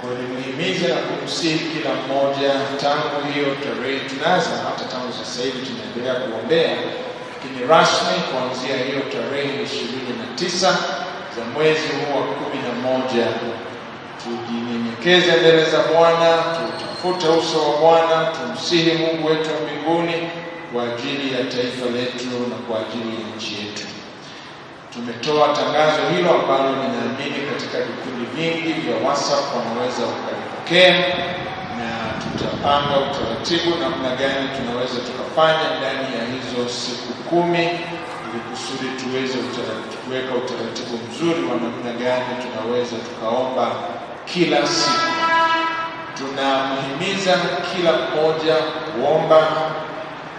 Kwa hiyo nimhimiza na kumsihi kila mmoja tangu hiyo tarehe tunaza, hata tangu sasa hivi tunaendelea kuombea, lakini rasmi kuanzia hiyo tarehe ishirini na tisa za mwezi huu wa kumi na moja tujinyenyekeze mbele za Bwana, tutafute uso wa Bwana, tumsihi Mungu wetu wa mbinguni kwa ajili ya taifa letu na kwa ajili ya nchi yetu. Tumetoa tangazo hilo ambalo ninaamini katika vikundi vingi vya WhatsApp wanaweza wakalipokea, na tutapanga utaratibu namna gani tunaweza tukafanya ndani ya hizo siku kumi, ili kusudi tuweze kuweka utaratibu mzuri wa namna gani tunaweza tukaomba kila siku. Tunamhimiza kila mmoja kuomba,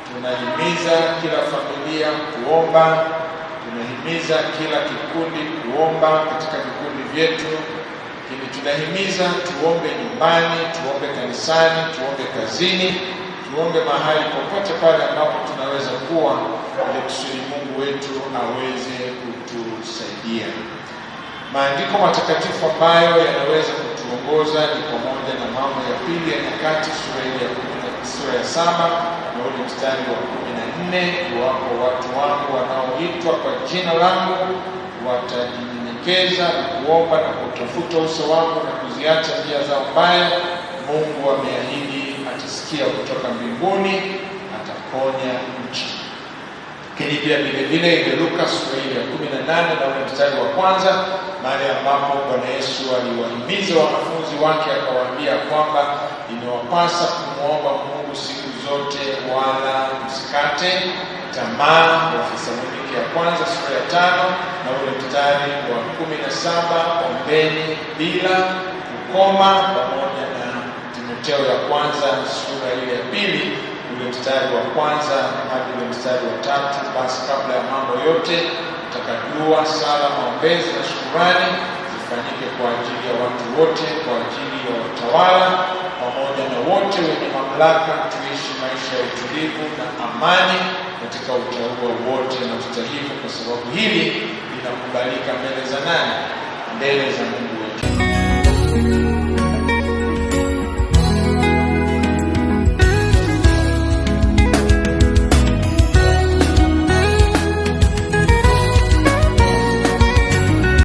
tunahimiza kila familia kuomba Tunahimiza kila kikundi kuomba katika vikundi vyetu, lakini tunahimiza tuombe nyumbani, tuombe kanisani, tuombe kazini, tuombe mahali popote pale ambapo tunaweza kuwa, ili kusudi Mungu wetu aweze kutusaidia. Maandiko matakatifu ambayo yanaweza kutuongoza ni pamoja na Mambo ya Pili ya Nyakati sura ya sura ya saba Warudi mstari wa kumi na nne iwapo watu wangu wanaoitwa kwa jina langu watajinyenyekeza na kuomba na kutafuta uso wangu na kuziacha njia zao mbaya, Mungu ameahidi atasikia kutoka mbinguni, ataponya nchi. Lakini pia vilevile vile ile Luka sura ya kumi na nane na ule mstari wa kwanza mahali ambapo Bwana Yesu aliwahimiza wanafunzi wake akawaambia kwamba imewapasa kumwomba Mungu siku zote, wala msikate tamaa. Wathesalonike ya kwanza sura ya tano na ule mstari wa kumi na saba ombeni bila kukoma, pamoja na Timoteo ya kwanza sura ile ya pili ule mstari wa kwanza hadi ule mstari wa tatu basi kabla ya mambo yote utakajua sala, maombezi na shukurani zifanyike kwa ajili ya watu wote, kwa ajili ya watawala mamlaka tuishi maisha ya utulivu na amani katika utauwa wote na ustahivu, kwa sababu hili linakubalika mbele za nani? Mbele za Mungu.